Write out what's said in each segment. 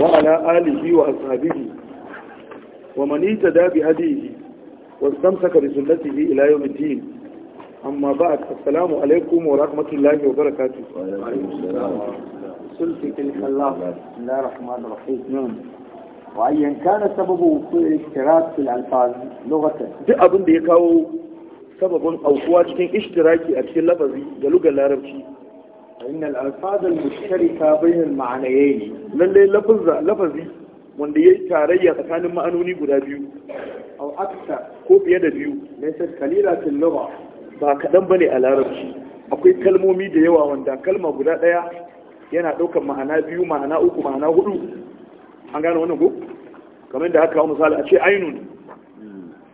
وعلى آله وأصحابه ومن اهتدى بهديه واستمسك بسنته إلى يوم الدين أما بعد السلام عليكم ورحمة الله وبركاته وعليكم السلام سلسة تلك الله بسم الله الرحمن الرحيم نعم وأيا كان سبب وقوع الاشتراك في الألفاظ لغة دي أبن دي كاو سبب أو قوات اشتراكي أكثر لفظي قالوا قال لا ربشي فإن الألفاظ المشتركة بين المعنيين للي لفظ لفظي wanda ya yi tarayya tsakanin ma'anoni guda biyu au akta ko fiye da biyu laysat qalilatul lugha ba kadan bane a larabci akwai kalmomi da yawa wanda kalma guda daya yana daukar ma'ana biyu ma'ana uku ma'ana hudu an gane wannan ko kamar da haka misali a ce ainun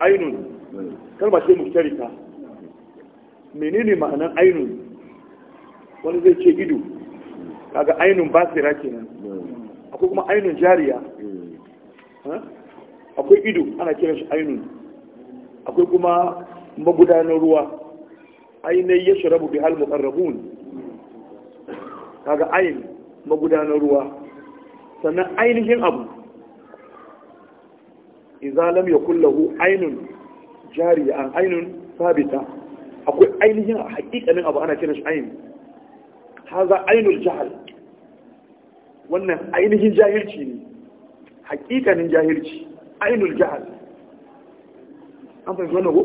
ainun kalma ce mushtarika menene ma'anan ainun wani zai ce ido kaga ainun basira kenan akwai kuma ainun jariya akwai ido ana kiran shi ainun akwai kuma magudanar ruwa ainihin ya rabu bi hal muqarrabun kaga ayin magudanar ruwa sannan ainihin abu idza lam kulla lahu ainun jariya ainun sabita akwai ainihin a hakikalin abu ana kiran shi ayin haza ainul jahal wannan ainihin jahilci ne hakikanin jahilci ainul jahal an fahimci wani ko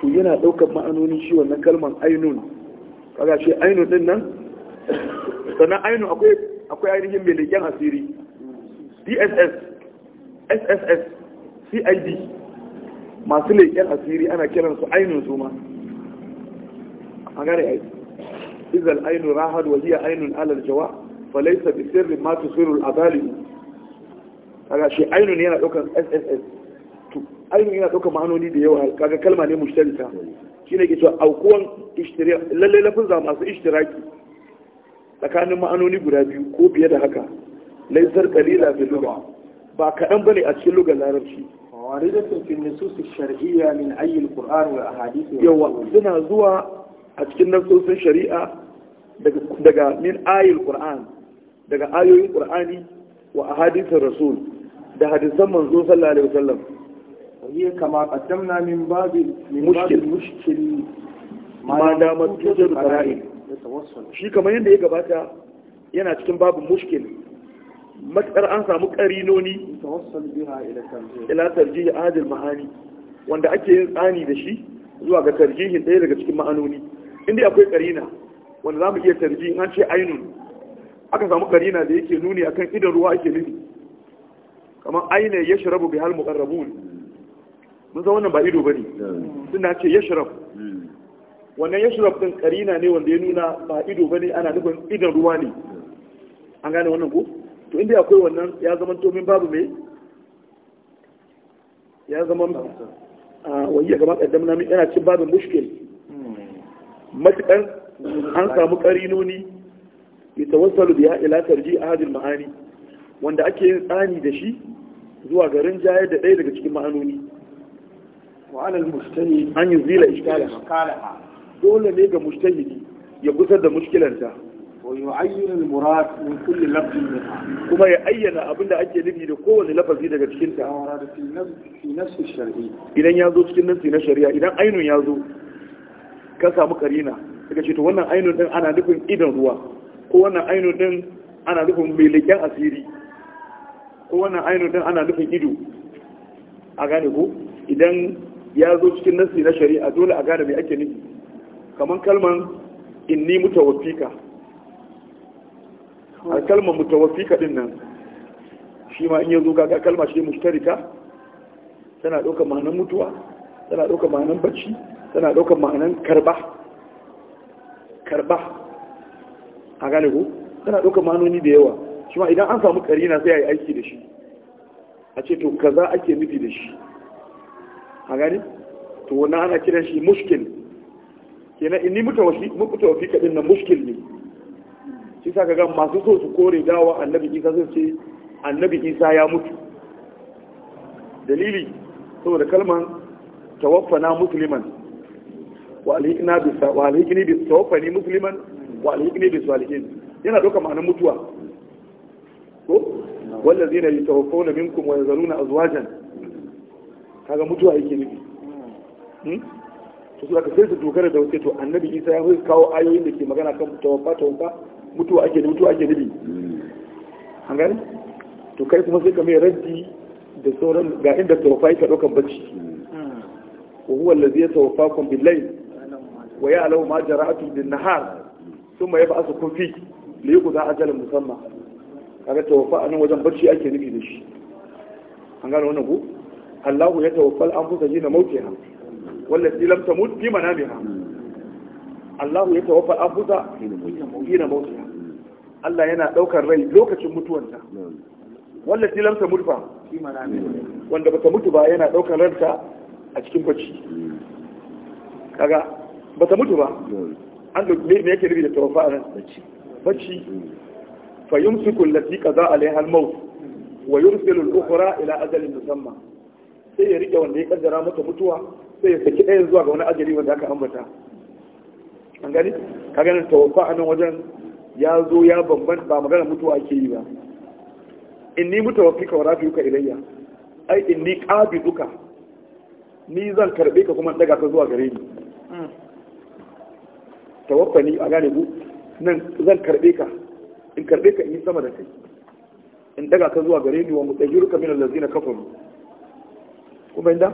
to yana daukar ma'anoni shi wannan kalmar ainun kaga shi ainun din nan sannan ainun akwai akwai ainihin mai leken asiri dss sss cid masu leken asiri ana kiransu ainihin su ma a gane aiki إذا العين راهد وهي عين على الجواب فليس ainun yana ɗaukar ma'anoni da yawa kaga kalma ne mushtarika shine a cewa aukuwan ishtiraki lalle lafuzza masu ishtiraki tsakanin ma'anoni guda biyu ko biye da haka laisar kalila fi lugha ba kaɗan bane a cikin lugar larabci waridatun shar'iyya min ayyi alquran wa ahadith yawa suna zuwa a cikin nasosin shari'a daga min ayil qur'an daga ayoyin qur'ani wa ahadithir rasul da hadisan manzo sallallahu alaihi wasallam وهي Kama قدمنا min باب من باب المشكل ما دامت توجد shi kamar yadda ya gabata yana cikin babu mushkil matsar an samu karinoni ila tarjihi adil ma'ani wanda ake yin tsani da shi zuwa ga tarjihin ɗaya daga cikin ma'anoni inda akwai karina wanda za mu iya tarji in an ce ainun aka samu karina da yake nuni akan idan ruwa ake nufi kamar aina ya shirabu bi hal muqarrabun mun san wannan ba ido bane tun da ce ya wannan ya shirab din karina ne wanda ya nuna ba ido bane ana nufin idan ruwa ne an gane wannan ko to inda akwai wannan ya zama tomin babu mai ya zama a ah, wani ya gaba kaddam na yana cin babin mushkil matukan an samu karinoni ya tawassalu biya ila tarji ahadil ma'ani wanda ake yin tsani da shi zuwa garin jayar da ɗaya daga cikin ma'anoni wa'anar mustani an yi zila iskala dole ne ga mustani ya gusar da muskilarta kuma ya ayyana abinda ake nufi da kowane lafazi daga cikin ta idan ya zo cikin nan na shari'a idan ainihin ya zo ka samu karina daga ce to wannan ainihin din ana nufin idan ruwa ko wannan ainihin din ana nufin mai asiri ko wannan ainihin din ana nufin ido a gane ko idan ya zo cikin nasi na shari'a dole a gane mai ake nufi kamar kalman inni mutawaffika a kalman mutawaffika din nan shi ma in ya zo gaga kalma shi mushtarika tana ɗaukar ma'anar mutuwa tana ɗaukar ma'anar bacci tana ɗaukar ma'anan karba karba a gane ku tana ɗaukar ma'anoni da yawa shi ma idan an samu karina sai a yi aiki da shi a ce to kaza ake nufi da shi a gane to wannan ana kiran shi mushkil kenan inni mutawafi kaɗin na mushkil ne shi sa kaga masu so su kore dawa annabi isa sun ce annabi isa ya mutu dalili saboda kalman tawaffana musliman walihina bisa walihini musulman? tawaffani musliman walihini bisa walihin yana doka ma'anar mutuwa ko zai na yi wallazina yatawaffawna minkum wa yazaluna azwajan kaga mutuwa yake nufi hmm? to su aka sai su dogara da wace to annabi isa ya kawo ayoyin da ke magana kan tawaffa tawaffa mutuwa ake da mutuwa ake nufi an gani to kai kuma sai ka mai raddi da sauran ga inda tawaffa yake daukan bacci hmm. wa huwa allazi yatawaffakum bil layl wa ya alau ma jara'atu bin nahar thumma ma ya ba'asu kun fi da yi kuza ajalin musamman kaga tawaffa a nan wajen barci ake nufi da shi an gane wannan ku Allahu ya tawaffa an shi na mautiha si lam tamut fi manamiha Allahu ya tawaffa al'anfusa shi na mautiha Allah yana daukar rai lokacin mutuwanta si lam tamut fa wanda ba ta mutu ba yana daukar ranta a cikin bacci kaga ba ta mutu ba hmm. an da me yake rubi da tawafa nan bacci hmm. fa yumsiku allati qada alaiha al-maut wa yursilu al-ukhra ila ajalin musamma sai ya rike wanda ya kaddara mata mutuwa sai ya saki ɗayan zuwa ga wani ajali wanda aka ambata an gani ka ganin tawafa a nan wajen ya zo ya bamban ba magana mutuwa ake yi ba inni mutawaffika wa rafi'uka ilayya ai inni qabiduka ni zan karbe ka kuma daga ka zuwa gare ni hmm. tawaffani a gane ku nan zan karbe ka in karbe ka in yi sama da kai in daga ka zuwa gare ni wa mutajiruka min allazina kafaru kuma inda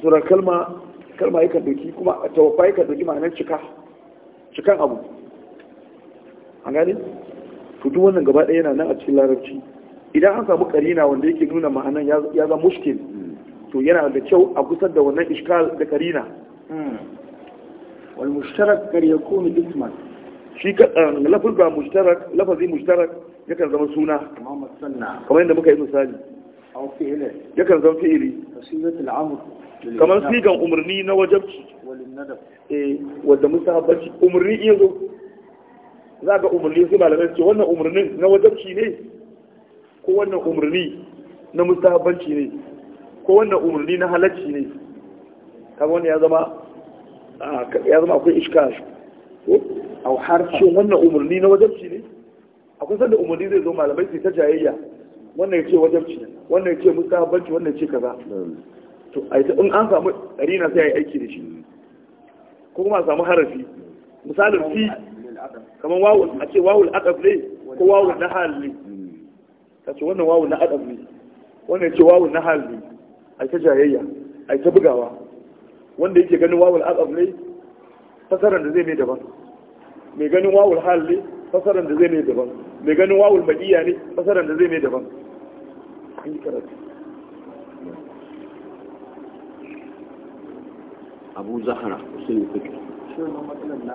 suran kalma kalma yakan doki kuma tawaffa yakan doki ma'ana cika cikan abu an gane to duk wannan gaba ɗaya yana nan a cikin larabci idan an samu karina wanda yake nuna ma'anan ya zama mushkil to yana da kyau a kusa da wannan iskal da karina hmm. والمشترك قد يكون اسما shi lafazin mushtarak lafazin mushtarak yakan zama suna kamar yadda muka yi misali yakan zama fi'ili kamar sigan umarni na wajabci وللندب musahabbaci umarni iya امرني za ga umarni su malamai ce wannan umarnin na wajabci ne ko wannan umarni na mustahabanci ne ko wannan umarni na halacci ne kamar wannan ya zama ya zama akwai iskar au har shi wannan umarni na wajabci ne akwai sanda umarni zai zo malamai su ta jayayya wannan ya ce wajabci wannan ya ce musabanci wannan ya ce kaza to a in an samu ƙarina sai a yi aiki da shi ko kuma a samu harafi misalin fi kamar wawul a ce wawul aqab ne ko wawul nahal ne ka ce wannan wawul na aqab ne wannan ya ce wawul nahal ne a ta jayayya a ta bugawa wanda yake ganin wawul azab ne fasaran da zai mai daban mai ganin wawul hal ne fasaran da zai mai daban mai ganin wawul madiya ne fasaran da zai mai daban abu zahara sun yi fikir shi ma matsalar na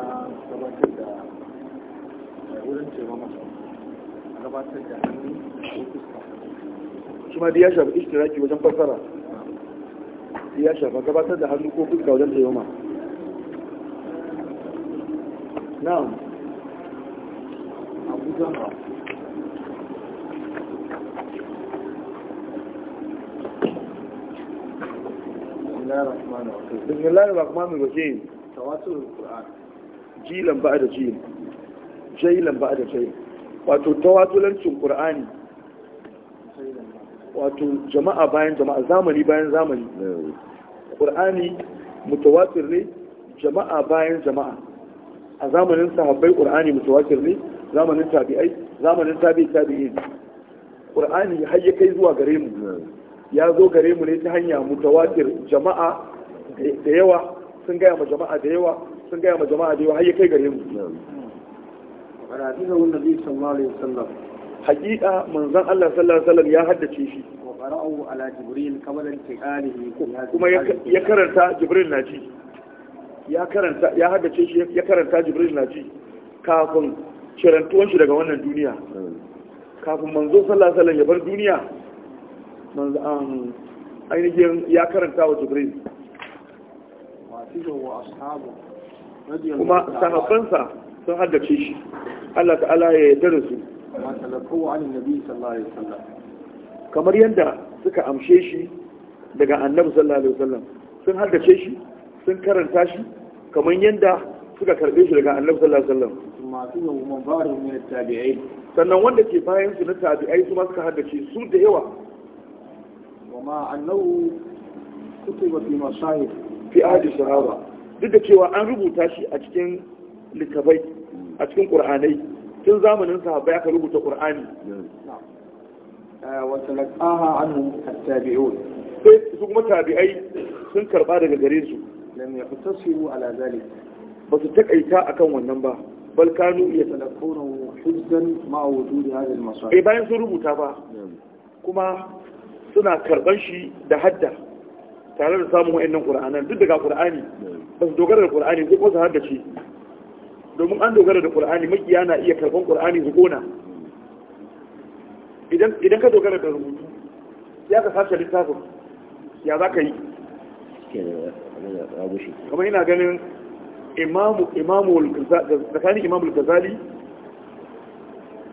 gabatar da eh, wurin ce ma gabatar da hannu ko fuska shi ma da ya shafi ishtiraki wajen fasara ya shafa gabatar da hannu ko fuska wajen taimama na'am abuja ba بسم الله الرحمن الرحيم تواتر القرآن جيلا بعد جيل جيلا بعد wato tawatulancin ƙur'ani wato jama'a bayan jama'a zamani bayan zamani ƙur'ani mutawatir ne jama'a bayan jama'a a zamanin sahabbai ƙur'ani mutawatir ne zamanin tabi'ai zamanin tabi'i tabi'in ƙur'ani har ya kai zuwa gare mu ya zo gare mu ne ta hanya mutawatir jama'a da yawa sun gaya ma jama'a da yawa sun gaya ma jama'a da yawa har ya kai gare mu. da sallallahu alaihi wasallam hakika manzon Allah sallallahu alaihi wasallam ya haddace shi qara'u ala jibril qabla intiqalihi kuma ya karanta jibril na ji ya karanta ya haddace shi ya karanta jibril na ji kafin cirantuwan shi daga wannan duniya kafin manzo sallallahu alaihi wasallam ya bar duniya manzon um, ainihin ya karanta wa jibril kuma sahabbansa sun haddace shi Allah ta'ala ya yarda su kama talakawa an nabi sallallahu alaihi wasallam kamar yadda suka amshe shi daga annabi sallallahu alaihi wasallam sun haddace shi sun karanta shi kamar yadda suka karbe shi daga annabi sallallahu alaihi wasallam masu yau man baru ne tabi'ai sannan wanda ke bayan su na tabi'ai su ma suka haddace su da yawa wa ma annahu kutuba fi masahif fi ahli sahaba duk da cewa an rubuta shi a cikin littafai a cikin qur'anai tun zamanin sahabbai aka rubuta qur'ani eh, wa talaqaha anhum at-tabi'un sai su kuma tabi'ai sun karba daga gare su lam yaqtasiru ala zalik ba su takaita akan wannan ba bal kanu yatalaqawnahu hujjan ma wujudi hadha al-masal eh bayan sun rubuta ba kuma suna karban shi da hadda tare da samun wa'annan qur'anan duk daga qur'ani ba su dogara da qur'ani sai ko su shi. domin an dogara da ƙul'ani makiya na iya karɓar ƙul'ani su ƙona idan ka dogara da rubutu ya ka sashe littafin ya za ka yi kamar yana ganin tsakanin Imamul gazali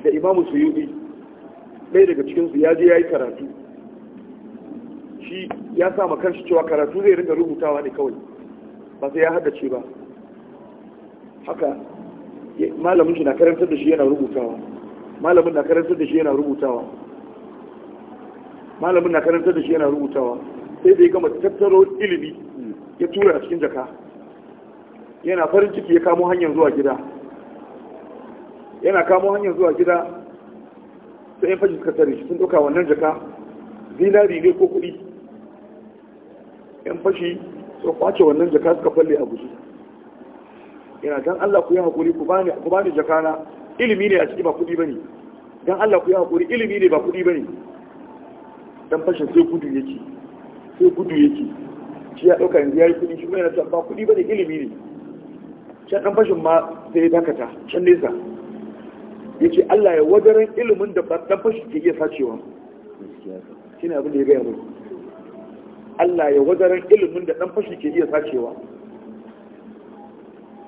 da Imamul suyuɗi ɗaya daga cikinsu ya je ya yi karatu shi ya sa ma cewa karatu zai rika rubutawa ne kawai ba sai ya haddace ba haka malamin shi na karantar da shi yana rubutawa malamin na karantar da shi yana rubutawa malamin na karantar da shi yana rubutawa sai da ya gama tattaro ilimi ya tura a cikin jaka yana farin ciki ya kamo hanyar zuwa gida yana kamo hanyar zuwa gida sai yan fashi suka shi sun ɗauka wannan jaka zinari ne ko kuɗi yan fashi suka kwace wannan jaka suka falle a guji yana dan Allah ku yi hakuri ku bani ku bani jakana ilimi ne a ciki ba kudi bane dan Allah ku yi hakuri ilimi ne ba kudi bane dan fashin sai gudu yake sai gudu yake shi ya dauka yanzu yayi kudi shi kuma yana ba kudi bane ilimi ne can dan fashin ma sai dakata can nesa yace Allah ya wadaran ilimin da dan fashin ke iya sacewa ne abin da ya ga yaro Allah ya wadaran ilimin da dan fashin ke iya sacewa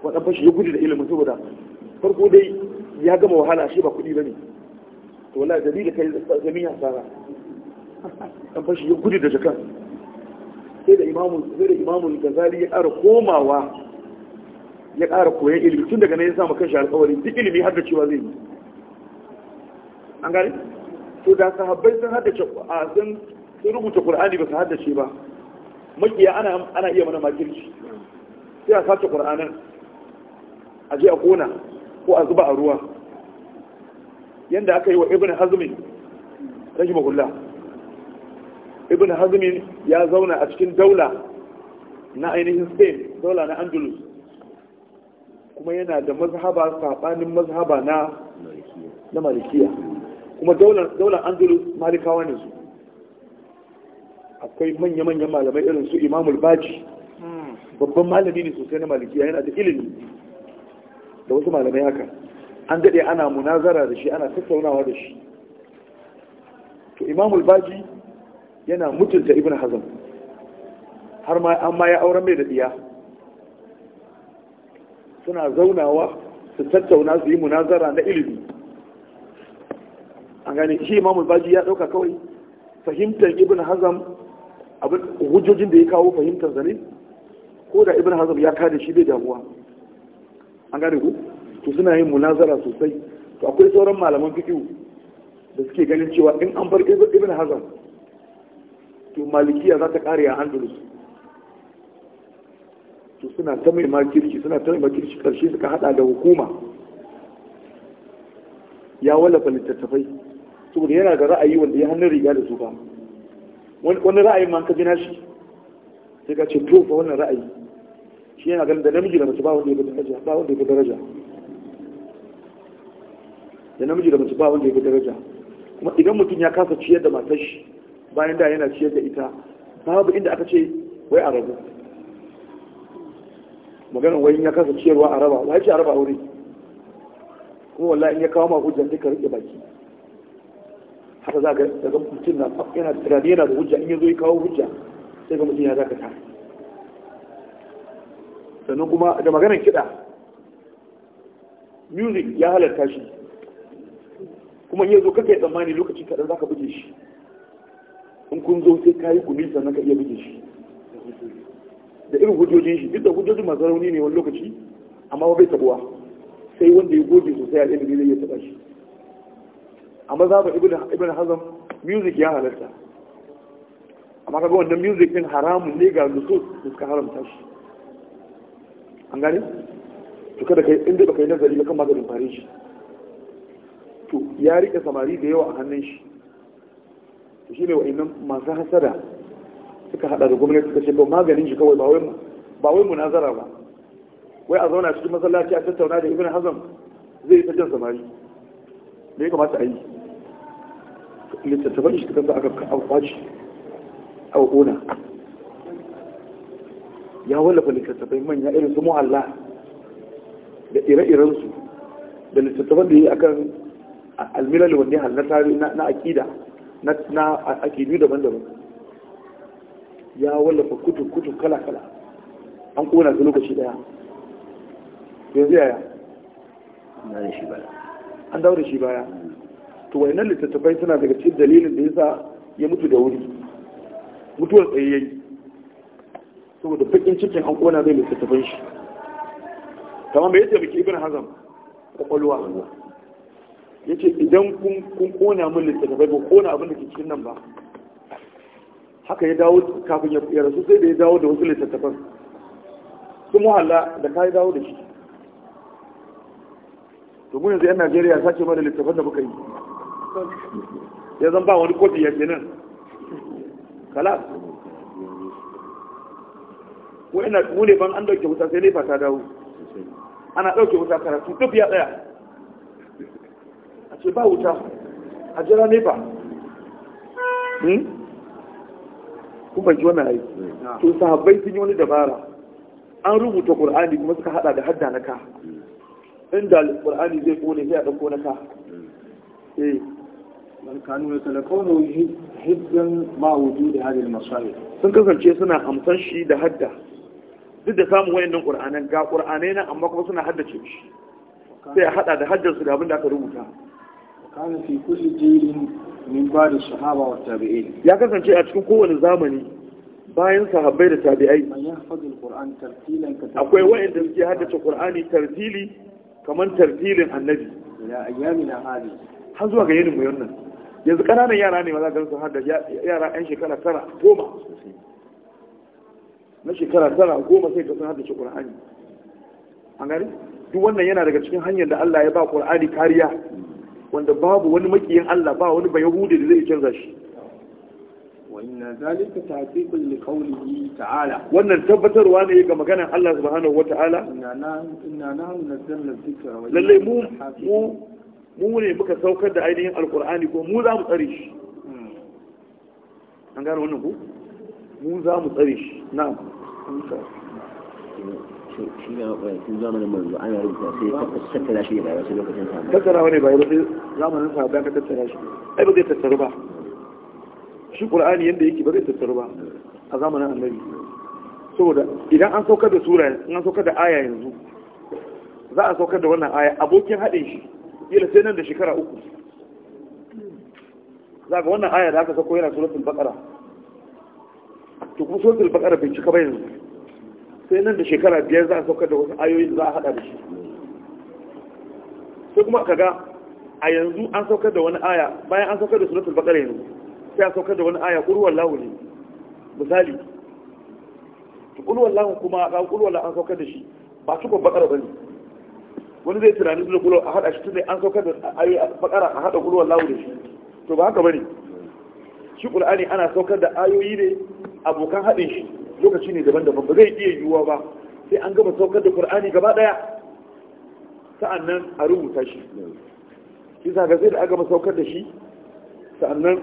wannan fashi ya gudu da ilimin saboda farko dai ya gama wahala shi ba kuɗi bane, to wala dalilin kai da ya tsara dan fashi ya gudu da jakan sai da imamu sai da imamu gazali ya ƙara komawa ya ƙara koyan ilimi tun daga nan ya samu kanshi alƙawari duk ilimi har da cewa zai yi an gane to da sahabbai sun haddace a sun rubuta qur'ani ba su haddace ba makiya ana ana iya mana makirci sai a sace qur'anin a je a kona ko a zuba a ruwa yadda aka yi wa ibn hazmin rashin mahulla ibn hazmin ya zauna a cikin daula na ainihin spain daula na andalus kuma yana da mazhaba saɓanin mazhaba na na malikiya kuma daular andalus malikawa ne su akwai manya-manyan malamai irin su imamul baji hmm. babban malami ne sosai na malikiya yana da ilimi da wasu malamai haka an daɗe ana munazara da shi ana tattaunawa da shi to imamul baji yana mutunta ibn hazm har ma an ma ya auren mai da diya suna zaunawa su tattauna su yi munazara na ilimi an gane shi imamul baji ya ɗauka kawai fahimtar ibn hazm abin hujjojin da ya kawo fahimtar zane ko da ibn hazm ya kada shi bai damuwa an gane ku to suna yin munazara sosai to akwai sauran malaman fiqh da suke ganin cewa in an bar ibn hazan to malikiya za ta kare a andalus to suna ta mai makirci suna ta mai makirci karshe suka hada da hukuma ya wallafa littattafai saboda yana da ra'ayi wanda ya hannun riga da su ba wani ra'ayin ma ka gina shi? sai ka ce to fa wannan ra'ayi shi yana ganin da namiji da mace ba wanda ya fi daraja ba wanda ya fi daraja da namiji da mace ba wanda ya fi daraja kuma idan mutum ya kasa ciyar da matar shi bayan da yana ciyar da ita babu inda aka ce wai a rabu maganar wai ya kasa ciyarwa a raba wai ce a raba aure kuma wallahi in ya kawo ma hujjan duka rike baki haka za ga mutum na yana da yana da hujja in ya zo ya kawo hujja sai ga mutum ya zaka ta sannan kuma da maganar kiɗa music ya halarta shi kuma yanzu kaka yi tsammani lokaci kaɗan za ka buge shi in kun zo sai ka yi kuni sannan ka iya buge shi da irin hujjojin shi duk da hujjojin masu rauni ne wani lokaci amma ba bai tabuwa sai wanda ya goge sosai a ilimi zai iya taɓa shi amma za ba ibn hazan music ya halarta amma kaga wannan music din haramun ne ga lusus da suka haramta shi an gane to kada kai inda baka yi nazari ba kan maganin fare shi to ya rike samari da yawa a hannun shi to shi ne wa'annan masu hasada suka hada da gwamnati suka ce ba maganin shi kawai ba wai nazara ba wai a zauna cikin masallaci a tattauna da ibn hazam zai yi ta jan samari me ya kamata a yi littattafan shi suka sa aka kwaci a ƙona ya wallafa littattafai manya irin su muhalla da ire-iren su da littattafan da yi akan almilal wani halatta na akida na akidu daban-daban ya wallafa kutun-kutun kala-kala an kona su lokaci daya yanzu yaya an dawo da shi baya to wayannan littattafai suna daga cikin dalilin da ya sa ya mutu da wuri mutuwar tsayayyai. saboda fikin cikin an kona zai tattafin shi kamar bai yadda biki ibn hazam kwakwalwa ya ce idan kun kona min littattafai ba kona abin da ke cikin nan ba haka ya dawo kafin ya rasu sai da ya dawo da wasu littattafan sun muhalla da ka yi dawo da shi domin yanzu yan najeriya sace mana littattafan da muka yi ya zan ba wani kofi ya nan. kala wa'ina mu ne ban an dauke wuta sai nefa ta dawo ana dauke wuta karatu duk ya tsaya a ce ba wuta a jira nefa hmm? kun fahimci wannan aiki to sahabbai sun yi wani dabara an rubuta qur'ani kuma suka hada da hadda na ka inda qur'ani zai kone sai a dauko na ka eh man kanu yatalaqawna hiddan ma wujudi hadin al sun kasance suna amsan shi da hadda duk da samun wayannan qur'anan ga qur'anai nan amma kuma suna haddace shi sai hada da haddar da abin da aka rubuta kana fi kulli jirin min da sahaba wa tabi'in ya kasance a cikin kowane zamani bayan sahabbai da tabi'ai akwai wayanda suke haddace qur'ani tartili kaman tartilin annabi ila ayyamina hadi har zuwa ga yinin mu yanzu kananan yara ne ma za ka su haddace yara yan shekara tara goma na shekara tara goma sai ka san haddace qur'ani an gani duk wannan yana daga cikin hanyar da Allah ya ba qur'ani kariya wanda babu wani makiyin Allah ba wani bayahudi da zai canza shi wannan zalika ta'tiqul li qawlihi ta'ala wannan tabbatarwa ne ga maganar Allah subhanahu wata'ala inna nahnu nazzalna dhikra wa lalle mu mu mu ne muka saukar da ainihin alqur'ani ko mu za mu tsare shi hmm. an gane wannan ku mu za mu tsare shi na'am shi ga tun zamanin manzo ana rubuta sai tattara shi da wasu lokacin sa tattara wani ba sai zamanin sa ba ka tattara shi ai ba zai tattaru ba shi qur'ani yanda yake ba zai tattaru ba a zamanin annabi saboda idan an saukar da sura in an saukar da aya yanzu za a saukar da wannan aya abokin haɗin shi kila sai nan da shekara uku za ga wannan aya da aka sauko yana suratul baqara to kuma suratul baqara bai cika ba yanzu sai nan da shekara biyar za a saukar da wasu ayoyin za a hada da shi sai kuma kaga a yanzu an saukar da wani aya bayan an saukar da suratul bakar yanzu sai a saukar da wani aya kurwar lahu ne misali to qurwal lahu kuma ga qurwal kurwar an saukar da shi ba su ba bane wani zai tunanin da kurwar a hada shi tunda an saukar da ayoyi a bakara a hada kurwar lahu da shi to ba haka bane shi kur'ani ana saukar da ayoyi ne abokan haɗin shi lokaci ne daban-daban ba zai iya yiwuwa ba sai an gama saukar da ƙur'ani gaba ɗaya sa'annan a rubuta shi isa ga zai da aka gama saukar da shi sa'annan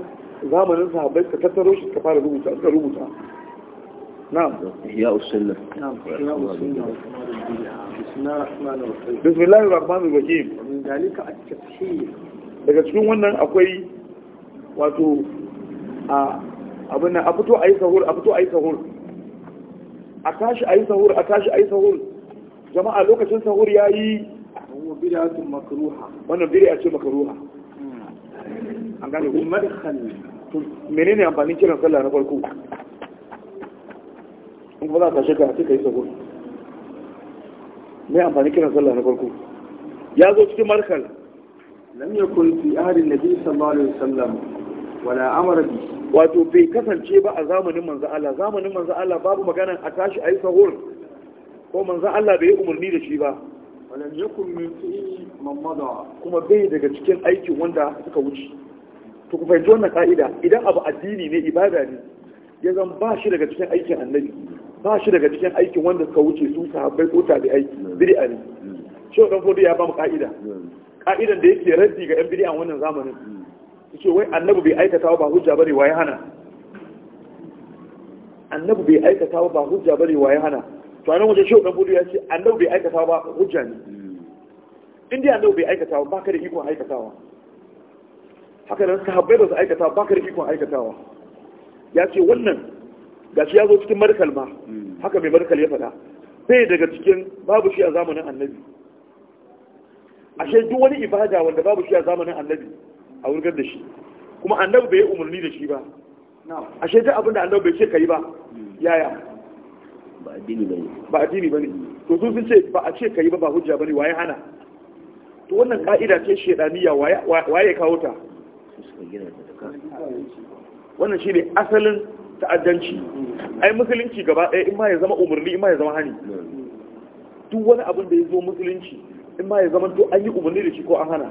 zamanin sahabbai ka tattaro shi ka fara rubuta ka rubuta نعم إحياء السنة نعم إحياء السنة بسم الله الرحمن daga cikin wannan akwai wato a abin nan a fito a yi sahur a fito a yi sahur a tashi a yi sahur a tashi a yi sahur jama'a lokacin sahur ya yi wannan a ce makaruha an gane ku Mene ne amfanin kiran sallah na farko in kuma za ka shekar a cika yi sahur mai amfanin kiran sallah na farko ya zo cikin markal lam yakun fi ahli nabi sallallahu alaihi wasallam wala amara bihi wato bai kasance ba a zamanin manzo Allah zamanin manzo Allah babu magana a tashi ayi sahur ko manzo Allah bai umarni da shi ba walan yakun min fi'li mamada kuma bai daga cikin aikin wanda suka wuce to ku fahimci wannan ka'ida idan abu addini ne ibada ne ya zan ba shi daga cikin aikin annabi ba shi daga cikin aikin wanda suka wuce su sahabbai ko aiki bid'a ne shi dan fodi ya ba mu ka'ida hmm. ka'idan da yake raddi ga yan bid'a wannan zamanin ce wai annabi bai aikata ba hujja bane waye hana annabi bai aikata ba hujja bane waye hana to anan wajen shehu dan budu ya ce annabi bai aikata ba hujja ne indai Annabu annabi bai aikata ba ka da ikon aikatawa haka nan sahabbai ba su aikata ba ka da ikon aikatawa ya ce wannan gashi ya zo cikin markal ma hmm. haka mai markal ya faɗa Sai daga cikin babu shi a zamanin annabi ashe duk wani ibada wanda babu shi a zamanin annabi a wurgar da shi kuma annabi bai yi umarni da shi ba a shaidar abin da annabi bai ce ka yi ba yaya ba addini ba ne to sun sun ce ba a ce ka yi ba ba hujja ba ne waye hana to wannan ka'ida ce shaidaniya waye kawo ta wannan shi ne asalin ta'addanci ai musulunci gaba ɗaya in ma ya zama umarni in ma ya zama hani hmm. duk wani abin da ya zo musulunci in ma ya zama to an yi umarni da shi ko an hana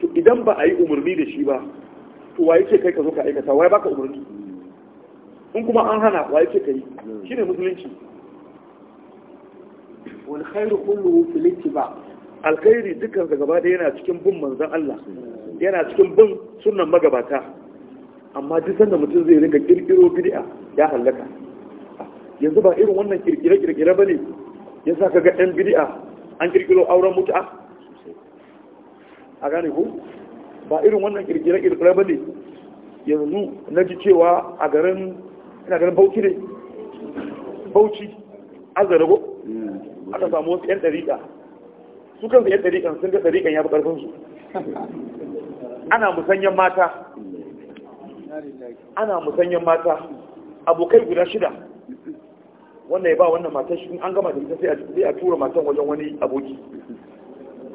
to idan ba a yi umarni da shi ba to waye ce kai ka zo ka aikata waye baka umarni in kuma an hana waye ce kai shine musulunci wal khairu kulluhu fil ittiba alkhairi dukkan gaba ɗaya yana cikin bin manzon Allah yana cikin bin sunnan magabata amma duk sanda mutum zai ringa kirkiro bid'a ya halaka yanzu ba irin wannan kirkire-kirkire bane yasa ga ɗan bid'a an kirkiro auren mut'a a gane ku ba irin wannan kirkire-kirkire ba ne yanzu na ji cewa a garin ina ganin bauchi ne bauchi azarago aka samu wasu 'yan ɗariƙa su kansu 'yan dariƙan sun ga dariƙan ya fi ƙarfinsu ana musanyen mata ana musanyen mata abokai guda shida wannan ya ba wannan matan shi an gama da ita sai a tura matan wajen wani aboki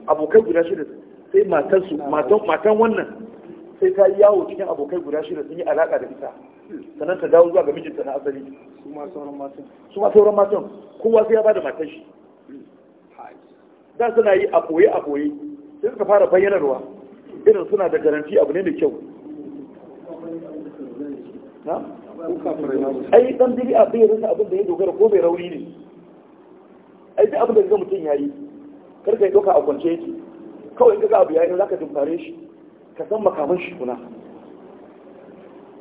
abokai guda shida sai matansu matan wannan sai ta yi yawo cikin abokai guda shida sun yi alaka da ita sannan ta dawo zuwa ga mijinta na asali su ma sauran matan kowa sai ya bada matan shi da suna yi a koye a koye sai suka fara bayyanarwa irin suna da garanti abu ne mai kyau ai dan biri a bayyana rasa abin da ya dogara ko bai rauni ne ai duk abin da ga mutum yayi kar ka yi doka a kwance yake kawai ga abu yayin za ka dubare shi ka san makaman shi kuna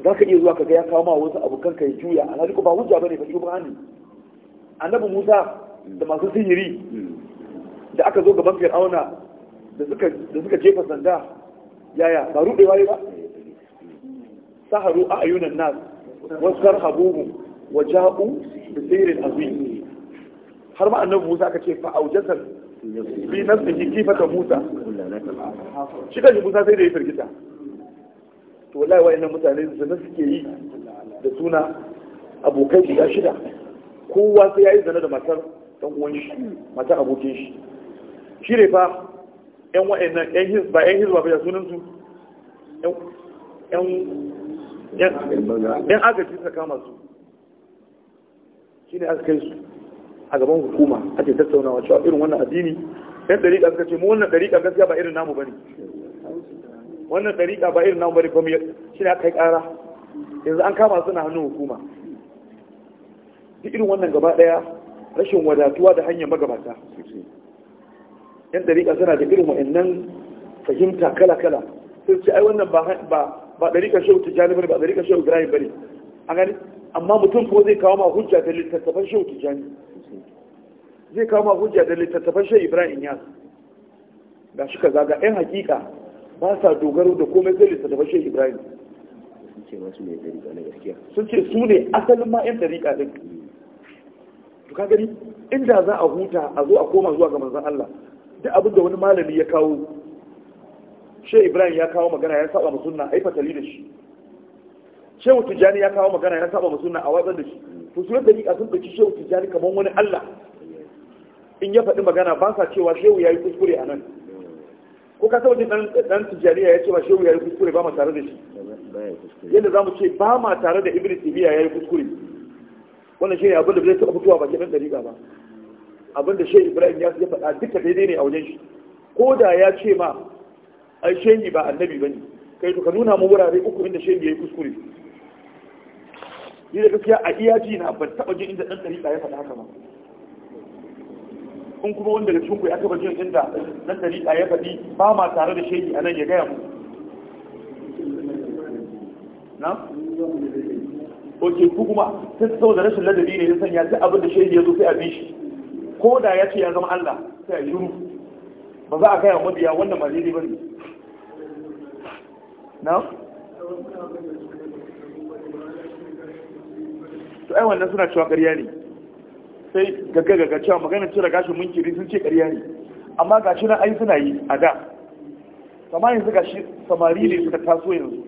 za ka iya zuwa ka ga ya kawo ma wasu abokan ka ya juya a ko ba hujja bane ba ibani annabi musa da masu sihiri da aka zo gaban fir'auna da suka da suka jefa sanda yaya ba rudewa ba saharu a ayunan nas wasar habuhum wa ja'u bi sirrin azim har ma annabi musa aka ce fa aujasal fi kifa ta musa shi kan musa sai da ya firgita to wallahi wa'annan mutane zina suke yi da suna abokai guda shida kowa sai ya yi zana da matar dan uwan shi matar abokin shi shi ne fa yan wa'annan yan his ba yan his ba ya sunan su yan yan agaji suka kama su shi ne aka kai su a gaban hukuma ake tattaunawa cewa irin wannan addini yan dariƙa suka ce mu wannan dariƙa gaskiya ba irin namu bane wannan dariƙa ba irin namu bane kuma shi ne kai ƙara yanzu an kama suna hannun hukuma duk irin wannan gaba ɗaya rashin wadatuwa da hanyar magabata yan dariƙa suna da irin wa'annan fahimta kala-kala sun ce ai wannan ba ɗariƙa shehu tijjani bane ba ɗariƙa shehu ibrahim bane a gani amma mutum ko zai kawo ma hujja ta littattafan shehu tijjani zai kama hujja da littattafan shi ibrahim ya ga shi kaza ga yan hakika ba sa dogaro da komai zai littattafan shi ibrahim sun ce su ne asalin ma yan dariƙa din to ka gani inda za a huta a zo a koma zuwa ga manzon Allah duk abin da wani malami ya kawo shi ibrahim ya kawo magana ya saba musunna ai fatali da shi shehu tijjani ya kawo magana ya saba musunna a watsar da shi to su yadda sun ɗauki shehu tijjani kamar wani Allah in ya faɗi magana ba sa cewa shehu ya yi kuskure a nan ko ka saba ɗan dan ya ce ba shehu ya yi kuskure ba ma tare da shi yadda za mu ce ba ma tare da ibn tibiya ya yi kuskure wannan shi ne abin da bai taɓa fitowa ba ke ɗan ɗariƙa ba abin da shehu ibrahim ya faɗa duka daidai ne a wajen shi ko da ya ce ma ai shehu ba annabi ba ne kai to ka nuna mu wurare uku inda shehu ya yi kuskure ni da gaskiya a iya ji na ban taɓa jin inda ɗan ɗariƙa ya faɗa haka ba in kuma wanda daga cikin ya taba jin inda nan da dariƙa ya faɗi ba ma tare da shehi a nan ya gaya mu na? ok ku kuma ta da rashin ladabi ne ya sanya ta abin da shehi ya zo sai a bi shi ko da ya ce ya zama Allah sai a shiru ba za a gaya mabiya wannan ba daidai ba ne na? to ai wannan suna cewa ƙarya ne sai gaga cewa maganar cire gashin munkiri sun ce ƙarya ne amma gashi na ai suna yi a da kama yanzu gashi samari ne suka taso yanzu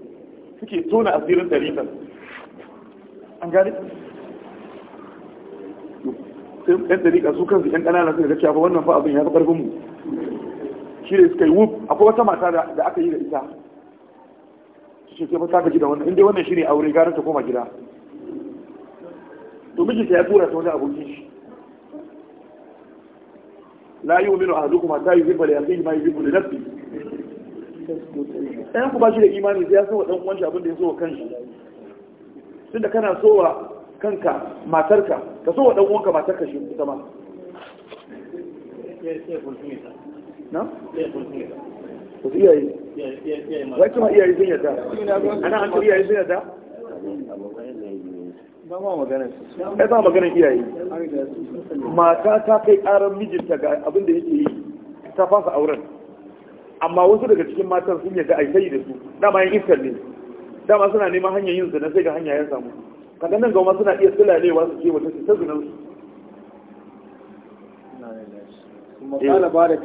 suke tona asirin dalilan an gane sai ɗan dalilan su kansu yan ƙanana suka ga cewa wannan fa abin ya fi ƙarfin mu shi ne suka yi wuf akwai wata mata da aka yi da ita shi ce ta gaji da wannan inda wannan shi ne aure gara ta koma gida to mijinta ya tura ta wani abokin shi la yu'minu ahadukum hatta yuhibba li akhihi ma yuhibbu li nafsihi Ɗan ku ba shi da imani sai ya so wa ɗan uwan shi abin da ya so wa kanshi da kana so wa kanka matarka ka so wa ɗan uwanka matarka shi ita ma na? wasu iyaye za ki ma iyaye sun yadda ana an iyaye sun yadda ya ba maganar iyaye mata ta kai karar mijinta ga abinda ya yake yi ta fasa auren amma wasu daga cikin matan sun yadda ai sai da su dama yin iskar ne dama suna neman hanyar yin zina sai ga hanya ya samu kaga nan gama suna iya sulalewa su ce wata ta zunar su kuma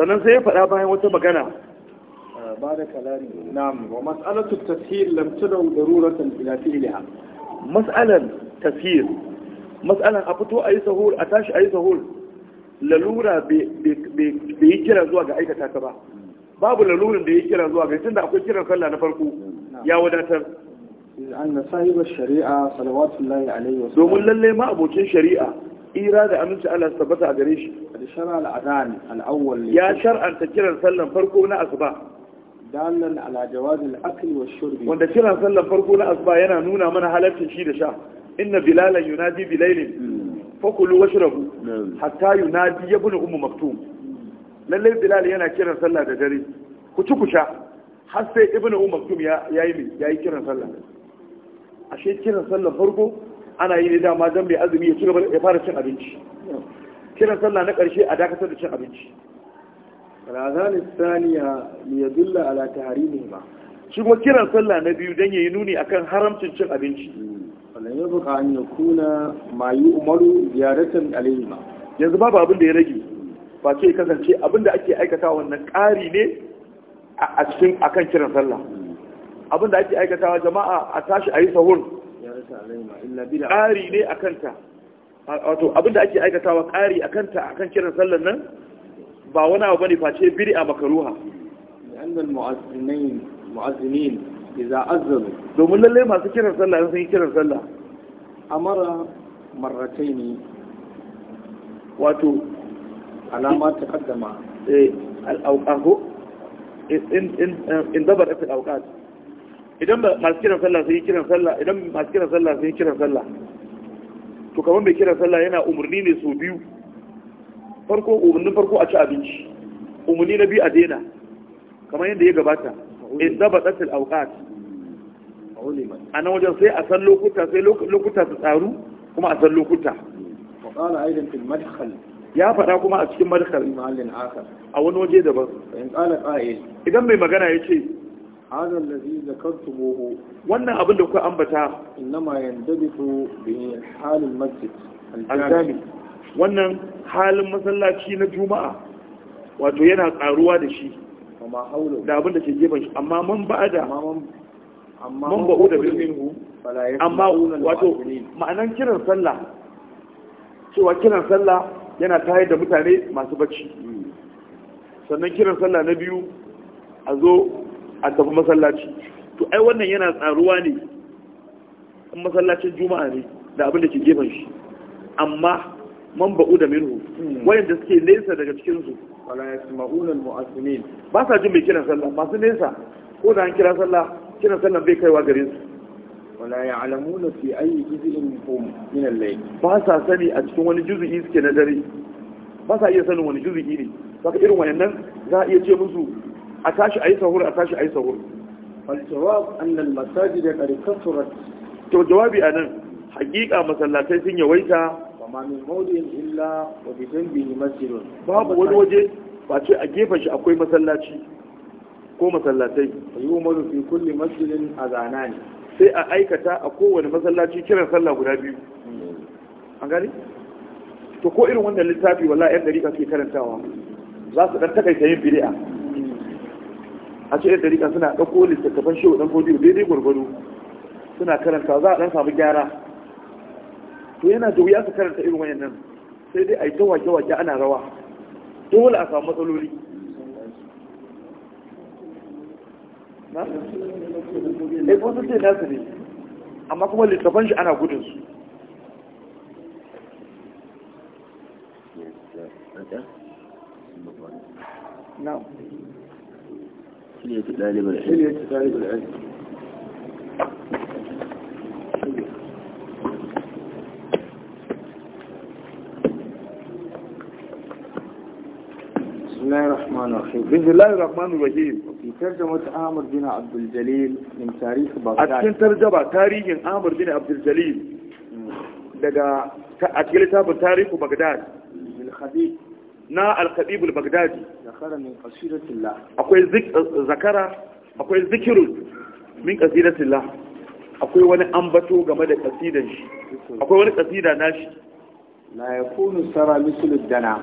sannan sai ya faɗa bayan wata magana ba da kalari na wa matsalar tashil lamtunan tadaw daruratan ila fi'liha matsalan tafiyir matsalan a fito a yi sahur a tashi a yi sahur lalura bai yi kira zuwa ga aikata ta ba babu lalurin da yi kira zuwa ga tunda akwai kiran kalla na farko ya wadatar An anna sahibar shari'a salawatullahi alaihi wasallam domin lalle ma abokin shari'a ira da aminci Allah tabbata a gare shi ya shar'anta kiran sallan farko na asuba dalan ala jawazil akli wa shurbi wanda kiran sallar farko na asuba yana nuna mana halaccin shi da sha inna bilalan yunadi bilailin hmm. fakulu washrabu hmm. hatta yunadi yabnu ummu maktum lallai bilal yana kiran sallah da dare ku ci ku sha har sai ibnu ummu maktum ya yayi yayi kiran sallah ashe kiran sallar farko ana yi ne dama dan bai azumi ya ci gaba ya fara cin abinci hmm. kiran sallah na karshe a dakatar da cin abinci razan isaniya ya dulla ala ba. shi kuma kiran sallah na biyu don yayi nuni akan haramcin cin abinci wannan ya buka an ya kuna ma yi umaru ziyaratan alayhima yanzu babu abin da ya rage ba ce kasance abin da ake aikata wannan ƙari ne a cikin akan kiran sallah abin da ake aikatawa jama'a a tashi a yi sahur ƙari ne a kanta wato abin da ake aikatawa ƙari a kanta a kan kiran sallar nan ba wani abu bane face biri bid'a makruha annal mu'azzinin mu'azzinin idza azzanu domin lalle masu kiran sallah sun yi kiran sallah amara marrataini wato alama ta kaddama eh al-awqahu in dabar fi al-awqat idan masu kiran sallah sun yi kiran sallah idan masu kiran sallah sun yi kiran sallah to kamar mai kiran sallah yana umarni ne sau biyu farko umarnin farko a ci abinci umarni na biyu a daina kamar yadda ya gabata in zaba tsattil auqat a nan wajen sai a san lokuta sai lokuta su tsaru kuma a san lokuta ya faɗa kuma a cikin madkhal a wani waje daban idan mai magana ya ce هذا الذي ذكرتموه wannan abin da kuka ambata innama yandabitu bi hal al-masjid wannan halin masallaci na juma'a wato yana karuwa da shi da abin da ke gefen shi amma man ba da man ba'u da birnin amma wato ma'anan kiran sallah cewa kiran sallah yana tayar da mutane masu bacci hmm. sannan kiran sallah na biyu a zo a tafi masallaci to ai wannan yana tsaruwa ne in masallacin juma'a ne da abin da ke gefen shi amma man ba'u da minhu hmm. wayanda suke nesa daga cikin su wala al almu'azzinin ba sa jin mai kiran sallah masu nesa ko da an kira sallah kiran sallah bai kaiwa gare su wala ya'lamuna fi ayi juz'in hum min al-layl ba sa sani a cikin wani juz'i suke na dare ba sa iya sanin wani juz'i ne saka irin wayannan za a iya ce musu a tashi ayi sahur a tashi ayi sahur fal jawab an al-masajid qad kasurat to jawabi anan haqiqa masallatai sun yawaita amma min mawdin illa wa bi janbihi masjidun babu wani waje ba ce a gefen shi akwai masallaci ko masallatai yu'malu fi kulli masjidin azanani sai a aikata a kowane masallaci kiran sallah guda biyu an gani to ko irin wannan littafi wallahi yan dariƙa suke karantawa za su dan takaita yin bid'a a ce yan dariƙa suna ɗauko littattafan shehu dan godiyo daidai gwargwado suna karanta za a dan samu gyara to yana da wuya su karanta irin nan sai dai a yi ta wake-wake ana rawa dole a samu matsaloli na? ai eh, wasu ce nasu ne amma kuma littafan shi ana gudun su الله الرحمن الرحيم بسم الله الرحمن الرحيم في ترجمة عامر بن عبد الجليل من تاريخ بغداد أتكن ترجمة تاريخ عامر بن عبد الجليل لقى أتكن تابع تاريخ بغداد الخبيب نا الخبيب البغدادي ذكر من قصيدة الله أقول ذكر أقول ذكر من قصيدة الله akwai wani ambato game da kasidan shi akwai wani kasida nashi la yakunu sara mislud dana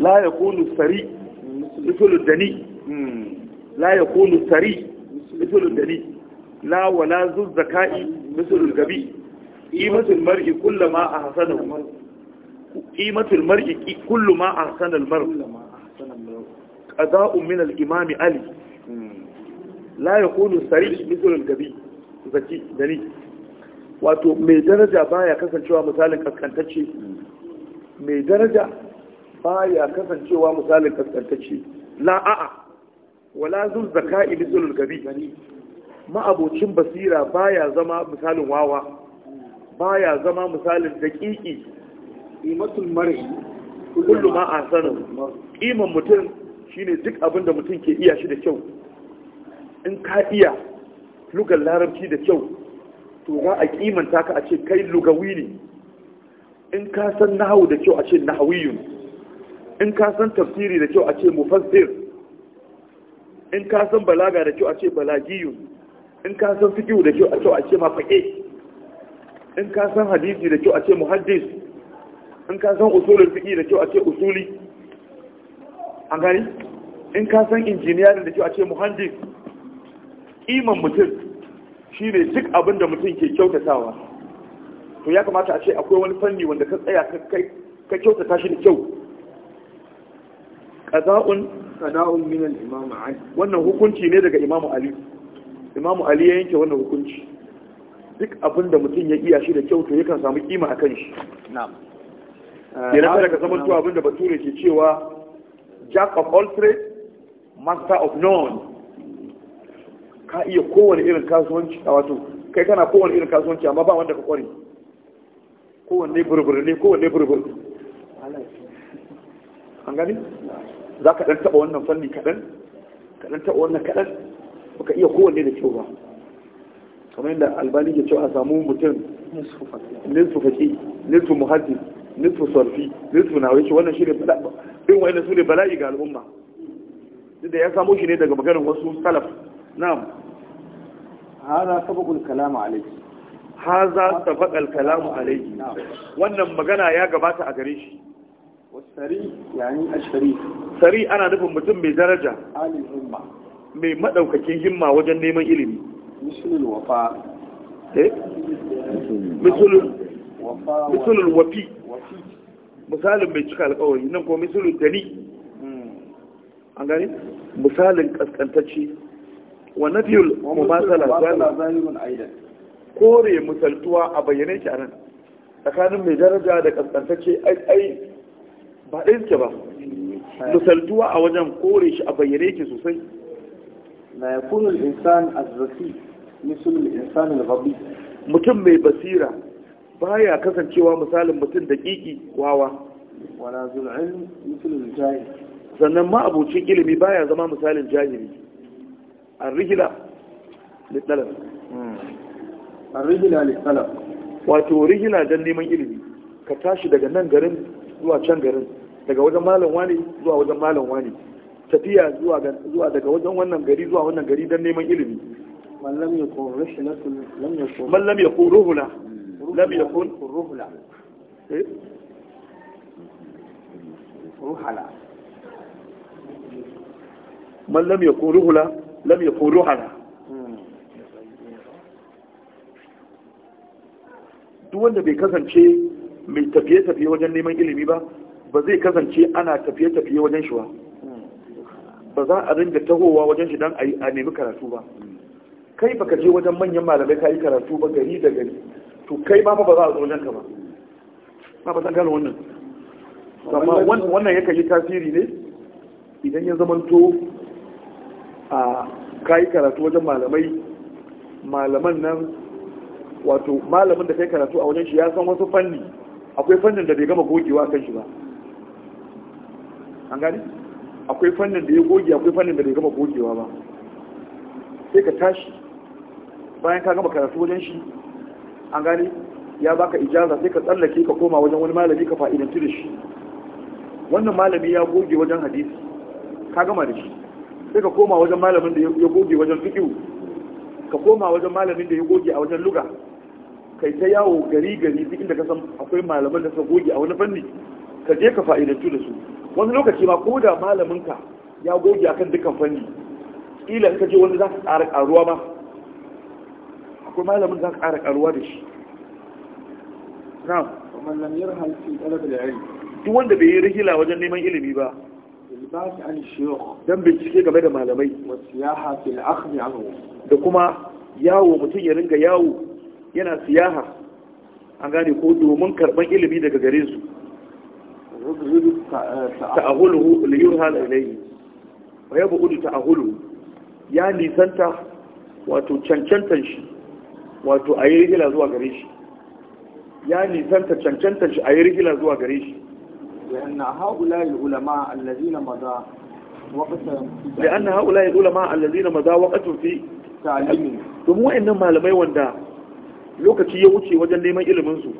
la yakunu sari مثل الدني لا يقول السري مثل الدني لا ولا ذو الذكاء مثل الغبي قيمة المرء كل ما أحسنه قيمة المرء كل ما أحسن المرء قضاء من الإمام علي لا يقول السري مثل الغبي ذكي دني wato mai daraja baya kasancewa misalin kaskantacce mai daraja baya kasancewa misalin kaskantacce la a'a wala zul zaka'i zulul gabi ma'abocin basira baya zama misalin wawa baya zama misalin daƙiƙi imatul mari kullu ma ahsanu iman mutum shine duk abin da mutum ke iya shi da kyau in ka iya lugar larabci da kyau to za a kimanta ka a ce kai lugawi ne in ka san nahawu da kyau a ce nahawiyun in ka san tafsiri da kyau a ce mufassir in ka san balaga da kyau a ce balagiyu in ka san fiqh da kyau a kyau a ce mafaqi in ka san hadisi da kyau a ce muhaddis in ka san usulul fiqh da kyau a ce usuli an gani in ka san injiniyarin da kyau a ce muhaddis kiman mutum shine duk abin da mutum ke kyautatawa to ya kamata a ce akwai wani fanni wanda ka tsaya ka kyautata shi da kyau qada'un qada'un min al-imam Ali wannan hukunci ne daga Imam Ali Imam Ali ya yanke wannan hukunci duk abin da mutum ya iya shi da kyau to yakan samu kima a kan shi na'am yana daga zaman to abin da bature ke cewa jack of all trades master of none ka iya kowane irin kasuwanci a wato kai kana kowane irin kasuwanci amma ba wanda ka kware kowanne burbur ne kowanne burbur an gani za ka ɗan taɓa wannan fanni kaɗan ka ɗan taɓa wannan kaɗan ba ka iya kowanne da kyau ba kamar yadda albani ke cewa a samu mutum nisfu faƙi nisfu muhaddis nisfu sarfi nisfu nawai shi wannan shi ne ɗin wani su ne bala'i ga al'umma da ya samo shi ne daga maganar wasu salaf na'am haza sabaqul kalamu alayhi haza sabaqal kalamu alayhi wannan magana ya gabata a gare shi yani ashari sari ana nufin mutum mai daraja himma mai maɗaukakin himma wajen neman ilimi Misulul wafa eh wafi misalin mai cika alƙawari nan ko misulul dani an gani misalin kaskantacce wa nafiyul mu ba aidan kore misaltuwa a bayyane shi a nan tsakanin mai daraja da kaskantacce ai ba ɗaya suke ba misaltuwa a wajen kore shi a bayyane yake sosai na ya kuru insan azzaki misul insan al-ghabi mutum mai basira baya kasancewa misalin mutum da kiki wawa wala zul ilm misul jahil sannan ma abuci ilimi baya zama misalin jahili ar-rijla litalab hmm. ar-rijla litalab wato rijla dan neman ilimi ka tashi daga nan garin zuwa can garin daga wajen malam wani zuwa wajen malam wani tafiya zuwa zuwa daga wajen wannan gari zuwa wannan gari don neman ilimi man lam yakun ruhula lam yakun ruhula eh? ruhala man lam yakun ruhula lam yakun ruhala hmm. duk wanda bai kasance mai tafiye-tafiye wajen neman ilimi ba ba zai kasance ana tafiye-tafiye wajen shi ba ba za a ringa tahowa wajen shi don a nemi karatu ba kai ka je wajen manyan malamai ka yi karatu ba gari da gari to kai ma ba za a zo ka ba ba ba san gano wannan amma wannan yakan yi tasiri ne idan ya zamanto a kayi karatu wajen malamai malaman nan wato malamin da kai karatu a wajen shi ya san wasu fanni akwai fannin da bai gama gogewa kan shi ba an gani akwai fannin da ya goge akwai fannin da bai gama gogewa ba sai ka tashi bayan ka gama karatu wajen shi an gani ya baka ijaza sai ka tsallake ka koma wajen wani malami ka fa'idanci da shi wannan malami ya goge wajen hadisi ka gama da shi sai ka koma wajen malamin da ya goge wajen fikihu ka koma wajen malamin da ya goge a wajen luga kai ta yawo gari gari duk inda ka san akwai malaman da suka goge a wani fanni ka je ka fa'idantu da su wani lokaci ma koda da malaminka ya goge akan dukkan fanni kila ka je wani za ka ƙara ƙaruwa ma akwai malamin za ka ƙara ƙaruwa da shi na'am kamar ya yarhal fi talab al-ilm duk wanda bai yi rihila wajen neman ilimi ba shi an shuyukh dan bincike game da malamai wa fil akhdh anhu da kuma yawo mutum ya ringa yawo yana siyaha an gane ko domin karban ilimi daga gare su ta'ahuluhu ilayhi wa ya ya nisanta wato cancantan shi wato a rigila zuwa gare shi ya nisanta cancantan shi a rigila zuwa gare shi لأن هؤلاء wa'annan malamai wanda lokaci ya wuce wajen neman iliminsu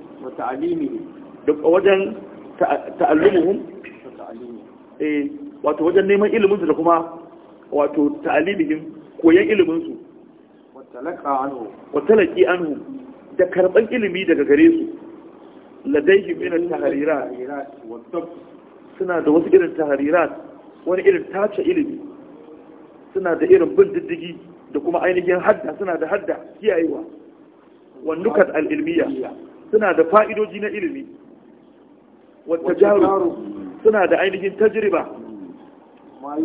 da wajen ta'allumuhum eh wato wajen neman ilimin su da kuma wato ta'alimihim koyan ilimin su wa talaqi anhu da karban ilimi daga gare su ladayhim min at-tahrirat suna da wasu irin tahrirat wani irin tace ilimi suna da irin bin diddigi da kuma ainihin hadda suna da hadda kiyayewa wa nukat al-ilmiya suna da fa'idoji na ilimi wata jaru suna da ainihin tajriba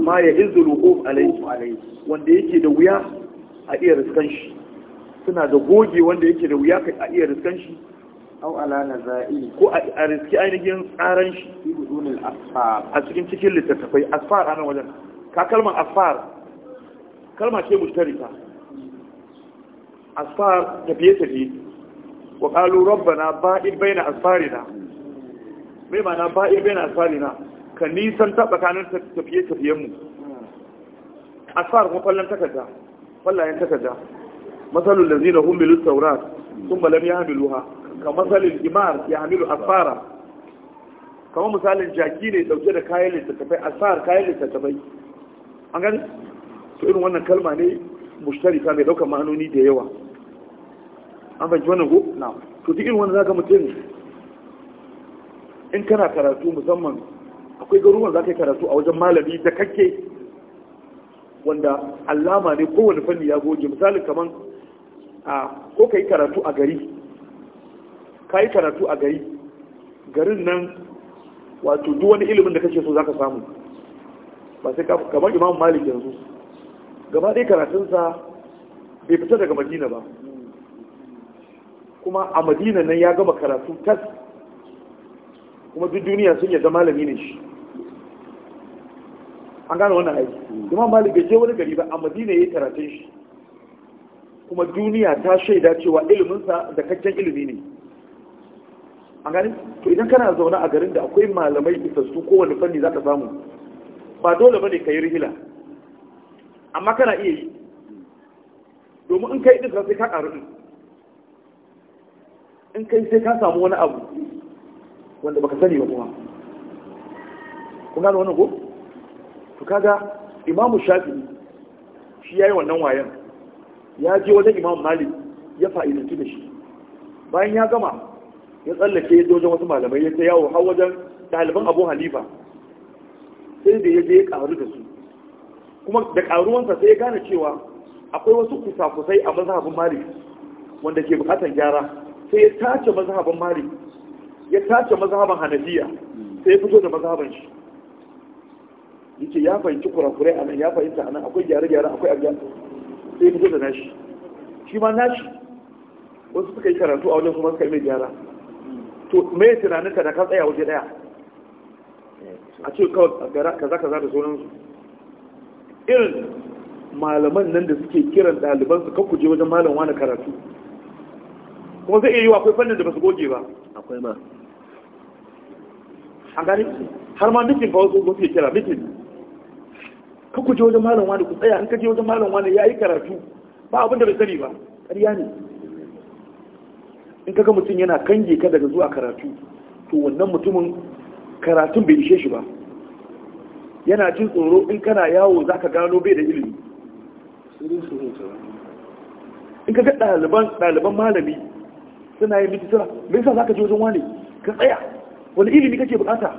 ma ya izu lu'uf alai wanda yake da wuya a iya riskan shi suna da goge wanda yake da wuya a iya riskan shi au ala nazai ko a riski ainihin tsaran shi a cikin cikin littattafai asfar ana wajen ka kalmar asfar kalma ce mushtarika asfar tafiye-tafiye wa ƙalu bai na asfari na. mai mana ba'ir bai na asfari na ka nisan taɓa kanin tafiye-tafiyenmu tsar kuma fallon takarda fallayen takarda matsalin da na hun bilu saurat sun balam ya hamilu ha ka matsalin imar ya hamilu asfara kamar misalin jaki ne dauke da kayan littattafai tsar kayan littattafai an gani to irin wannan kalma ne mushtarika mai daukar ma'anoni da yawa an fahimci wannan ko na to duk irin wannan zaka mutum in kana karatu musamman akwai garuruwan za ka yi karatu a wajen malami da kake wanda allama ne kowane fanni ya goge misali kamar a ko ka yi karatu a gari ka yi karatu a gari garin nan wato duk wani ilimin da kake so za ka samu ba sai kamar imam malik yanzu gaba ɗaya karatunsa bai fita daga madina ba kuma a madina nan ya gama karatu tas kuma duk duniya sun yadda malami ne shi an gane wannan aiki kuma malik bai je wani gari ba a madina ya yi karatun shi kuma duniya ta shaida cewa iliminsa da kakken ilimi ne an gane to idan kana zaune a garin da akwai malamai isassu kowane fanni za ka samu ba dole ba ne ka yi rihila amma kana iya yi domin in kai ɗin sai ka ƙaru in kai sai ka samu wani abu wanda baka sani ba kuma kuma wannan ko to kaga imamu Shafi shi yayi wannan wayan ya je wajen imamu malik ya fa'idanci da shi bayan ya gama ya tsallake ya wajen wasu malamai ya ta har wajen ɗaliban abu halifa sai da ya je ya karu da su kuma da ƙaruwansa sai ya gane cewa akwai wasu kusa-kusai a mazhabin malik wanda ke bukatar gyara sai ya tace mazhabin malik ya tace mazhaban hanafiya sai ya fito da mazhaban shi yace ya fahimci kurakurai a nan ya fahimta a nan akwai gyare-gyare akwai abin sai ya fito da nashi shi ma nashi wasu suka yi karatu a wajen kuma suka yi mai gyara to me tunanin ka da ka tsaya waje daya a ce kawai kaza kaza da sauransu irin malaman nan da suke kiran ɗaliban su kakku je wajen malam wani karatu kuma zai iya yi wa akwai fannin da ba su goge ba akwai ba an gani har ma mitin ba wasu wasu ya kira mitin ka ku je wajen malam wani ku tsaya in ka je wajen malam wani ya yi karatu ba abinda da bai sani ba ƙarya ne in kaga mutum yana kange ka daga zuwa karatu to wannan mutumin karatun bai ishe shi ba yana jin tsoro in kana yawo za ka gano bai da ilimi in ka ga ɗaliban malami suna yi mitin suna mai sa za ka ji wajen wani ka tsaya wani ilimi kake bukata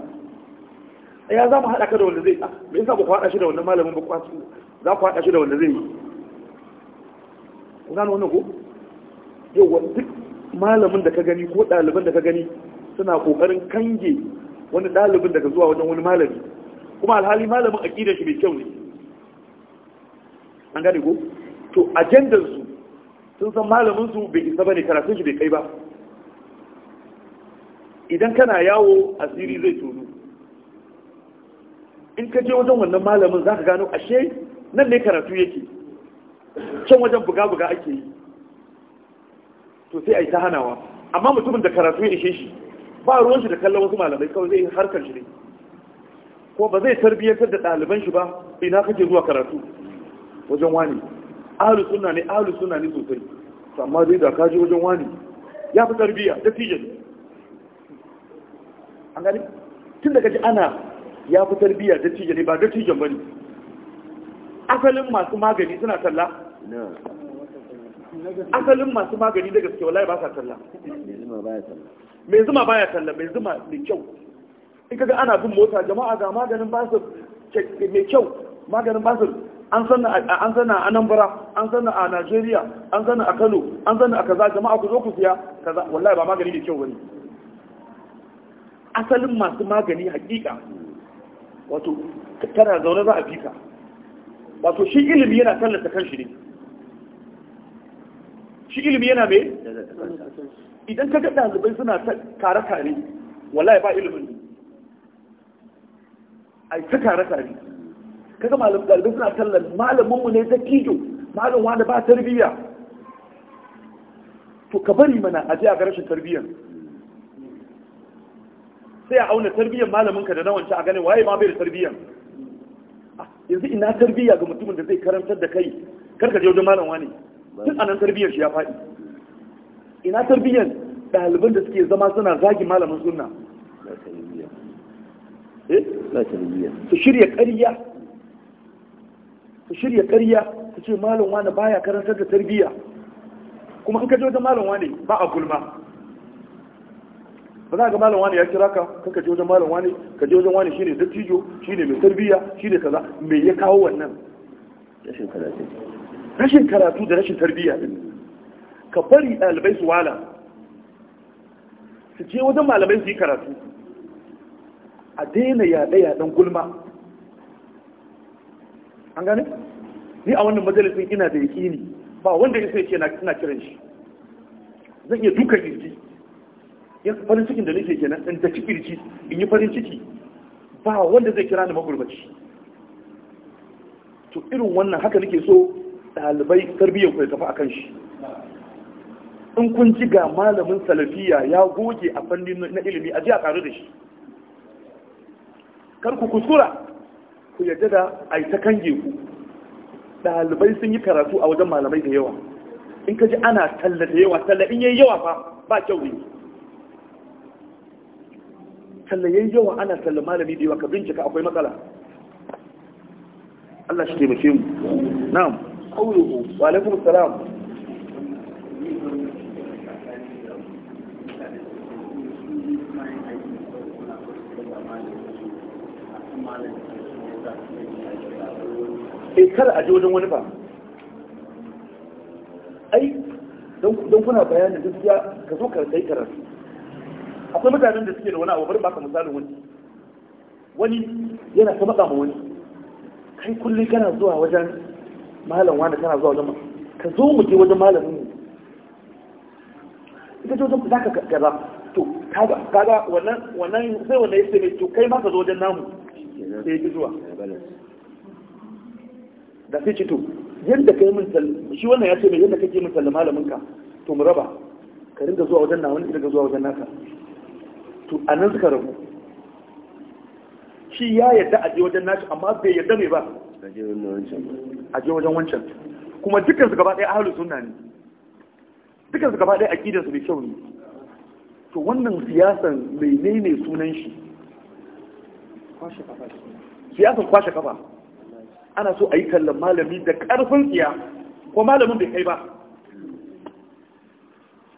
ya za mu haɗa ka da wanda zai ah, me yasa ba ku haɗa shi da wannan malamin ba ku za ku haɗa shi da wanda zai yi ku gano wannan ko yau duk malamin da ka gani ko ɗaliban da ka gani suna ƙoƙarin kange wani ɗalibin daga zuwa wajen wani malami kuma alhali malamin aƙidar shi mai kyau ne an gane ko to ajandar su sun san malamin su bai isa bane karatun shi bai kai ba idan kana yawo asiri zai tono in ka je wajen wannan malamin za ka gano ashe nan ne karatu yake can wajen buga-buga ake yi to sai a yi ta hanawa amma mutumin da karatu ya ishe shi ba ruwan shi da kallon wasu malamai kawai zai harkar shi ne ko ba zai tarbiyyantar da ɗaliban shi ba ina kake zuwa karatu wajen wani ahalu suna ne ahalu suna ne sosai amma zai da kaji wajen wani ya fi tarbiyya da fiye an gani tun da kaji ana ya fi tarbiyya da tije ne ba da tijen bane asalin masu magani suna talla asalin masu magani da gaske wallahi ba sa talla mai zuma baya talla mai zuma mai kyau in kaga ana bin mota jama'a ga maganin su mai kyau maganin su an sanna an sanna a Anambra an sanna a Najeriya an sanna a Kano an sanna a kaza jama'a ku zo ku siya kaza wallahi ba magani da kyau bane asalin masu magani hakika wato tana zaune za a fika wato shi ilimi yana tallata shi ne shi ilimi yana mai idan ka ga zubai suna tare tare wallahi ba ilimin ne yi ta tare tare kaga malam ɗalibai suna tallan malaminmu mu ne ta kijo malam wanda ba tarbiyya to ka bari mana aje a ga rashin tarbiyyar sai a auna tarbiyyar malaminka da na wancan a ganin waye ma bai da tarbiyyar ah, yanzu ina tarbiyya ga mutumin da zai karantar da kai karka je wajen malam wani tun anan tarbiyyar shi ya faɗi ina tarbiyyar ɗaliban da suke zama suna zagi malamin sunna eh? su shirya ƙarya su shirya ƙarya su ce malam wani baya karantar da tarbiyya kuma in ka je wajen malam wani ba a gulma ba za ga malam wani ya kira ka kan ka je wajen malam wani ka je wajen wani shine dattijo shine mai tarbiyya shine kaza me ya kawo wannan rashin karatu rashin karatu da rashin tarbiyya din ka bari dalibai su wala su je wajen malamai su yi karatu a daina yaɗe-yaɗen gulma an gane ni a wannan majalisin ina da yaƙini ba wanda ya sai ke na kiran shi zan iya dukan jirgi farin cikin da nake kenan in da ciki in yi farin ciki ba wanda zai kira ni magurbaci to irin wannan haka nake so ɗalibai tarbiyyar ku ya tafi akan shi in kun ji ga malamin salafiya ya goge a fanni na ilimi a ji a karu da shi kar ku kuskura ku yadda da a yi ta kange ku ɗalibai sun yi karatu a wajen malamai da yawa in ka ji ana tallata yawa talla in yi yawa fa ba kyau ne talla yayi yawa ana talla malami da yawa ka bincika akwai matsala Allah shi taimake mu na'am qawluhu wa alaikum salam eh kar a je wani ba ai don kuna bayanin gaskiya ka zo ka kai karatu akwai mutanen da suke da wani abu bari baka misalin wani wani yana ta matsa ma wani kai kullum kana zuwa wajen malam wani kana zuwa wajen ka zo mu je wajen malamin mu ita ce wajen za ka gaza to kaga kaga wannan wannan sai wannan yace ne to kai ma ka zo wajen namu sai ya ki zuwa da sai ce to yadda kai mun shi wannan ya ce ne yadda kake mun sallama malamin ka to mu raba ka ringa zuwa wajen na wani ka ringa zuwa wajen naka to a nan suka rabu shi ya yadda a je wajen nashi amma bai yadda mai ba a je wajen wancan kuma dukkan su gaba ɗaya ahalus sunna ne dukkan su gaba ɗaya aqidar su mai kyau ne to wannan siyasan mai nene sunan shi siyasan kwashe kafa ana so a yi kallon malami da ƙarfin tsiya ko malamin bai kai ba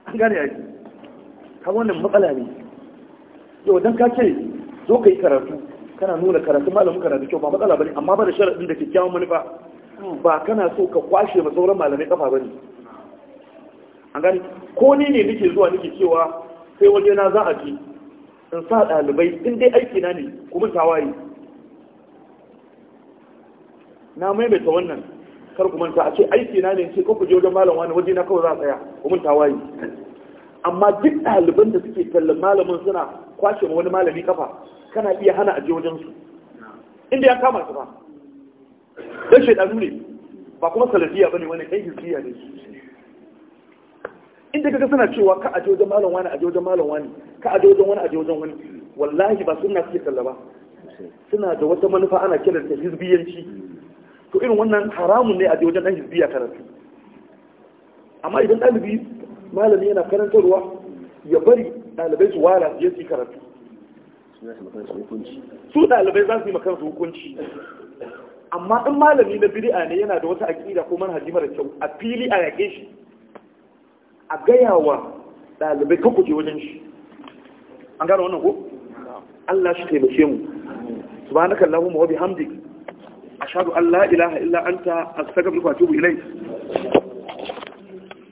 an gane yi ka wannan matsala ne yau don ka ce zo ka yi karatu kana nuna karatu malamin karatu kyau ba matsala bane amma ba da sharaɗin da kyakkyawan manufa ba kana so ka kwashe ma sauran malamai kafa bane an gani ko ni ne nake zuwa nake cewa sai waje na za a ji in sa ɗalibai in dai aiki na ne kuma tawaye na maimaita wannan kar ku manta a ce aiki na ne ce ku je wajen malam wani waje na kawai za a tsaya kuma tawaye amma duk ɗaliban da suke kallon malamin suna kwashe ma wani malami kafa kana iya hana aje wajen su inda ya kama su ba dan shedanu ne ba kuma salafiya bane wani kai hizbiya ne inda kaga suna cewa ka aje wajen malam wani aje wajen malam wani ka aje wajen wani aje wajen wani wallahi ba sunna suke kalla ba suna da wata manufa ana kiran ta hizbiyanci to irin wannan haramun ne aje wajen dan hizbiya karatu amma idan ɗalibi malami yana karantarwa ya bari ɗalibai su wara su je su karatu su ɗalibai za su yi makansu hukunci amma in malami na bid'a ne yana da wata aƙida ko manhaji mara kyau a fili a yaƙe shi a gaya wa ɗalibai ka kuje wajen shi an gane wannan ko Allah shi taimake mu subhanaka allahumma wa bihamdik ashhadu an la ilaha illa anta astaghfiruka wa atubu